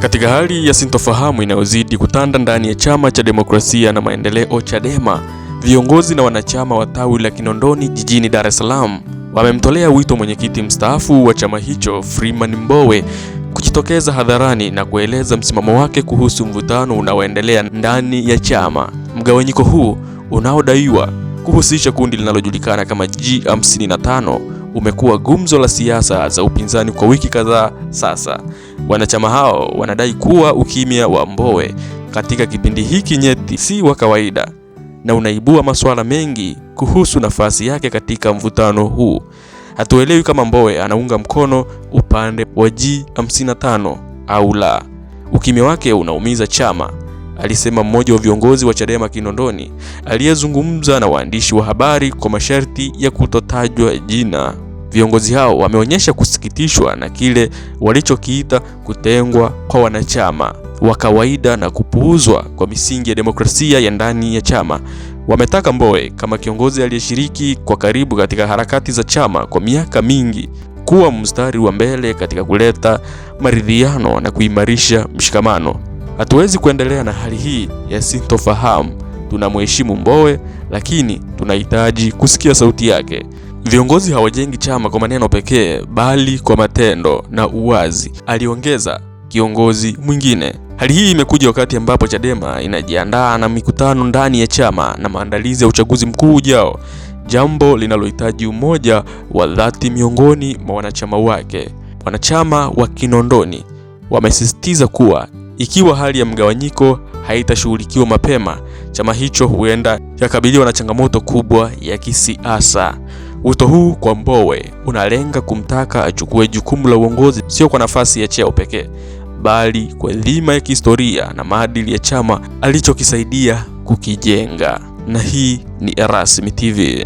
Katika hali ya sintofahamu inayozidi kutanda ndani ya Chama cha Demokrasia na Maendeleo Chadema, viongozi na wanachama wa tawi la Kinondoni jijini Dar es Salaam wamemtolea wito mwenyekiti mstaafu wa chama hicho Freeman Mbowe kujitokeza hadharani na kueleza msimamo wake kuhusu mvutano unaoendelea ndani ya chama. Mgawanyiko huu unaodaiwa kuhusisha kundi linalojulikana kama G55 umekuwa gumzo la siasa za upinzani kwa wiki kadhaa sasa. Wanachama hao wanadai kuwa ukimya wa Mbowe katika kipindi hiki nyeti si wa kawaida na unaibua masuala mengi kuhusu nafasi yake katika mvutano huu. Hatuelewi kama Mbowe anaunga mkono upande wa G55 au la. Ukimya wake unaumiza chama, alisema mmoja wa viongozi wa Chadema Kinondoni, aliyezungumza na waandishi wa habari kwa masharti ya kutotajwa jina. Viongozi hao wameonyesha kusikitishwa na kile walichokiita kutengwa kwa wanachama wa kawaida na kupuuzwa kwa misingi ya demokrasia ya ndani ya chama. Wametaka Mbowe kama kiongozi aliyeshiriki kwa karibu katika harakati za chama kwa miaka mingi kuwa mstari wa mbele katika kuleta maridhiano na kuimarisha mshikamano. Hatuwezi kuendelea na hali hii ya sintofahamu. Tunamheshimu Mbowe, lakini tunahitaji kusikia sauti yake. Viongozi hawajengi chama kwa maneno pekee, bali kwa matendo na uwazi, aliongeza kiongozi mwingine. Hali hii imekuja wakati ambapo Chadema inajiandaa na mikutano ndani ya chama na maandalizi ya uchaguzi mkuu ujao, jambo linalohitaji umoja wa dhati miongoni mwa wanachama wake. Wanachama wa Kinondoni wamesisitiza kuwa ikiwa hali ya mgawanyiko haitashughulikiwa mapema, chama hicho huenda yakabiliwa na changamoto kubwa ya kisiasa. Wito huu kwa Mbowe unalenga kumtaka achukue jukumu la uongozi sio kwa nafasi ya cheo pekee, bali kwa dhima ya kihistoria na maadili ya chama alichokisaidia kukijenga. Na hii ni Erasmi TV.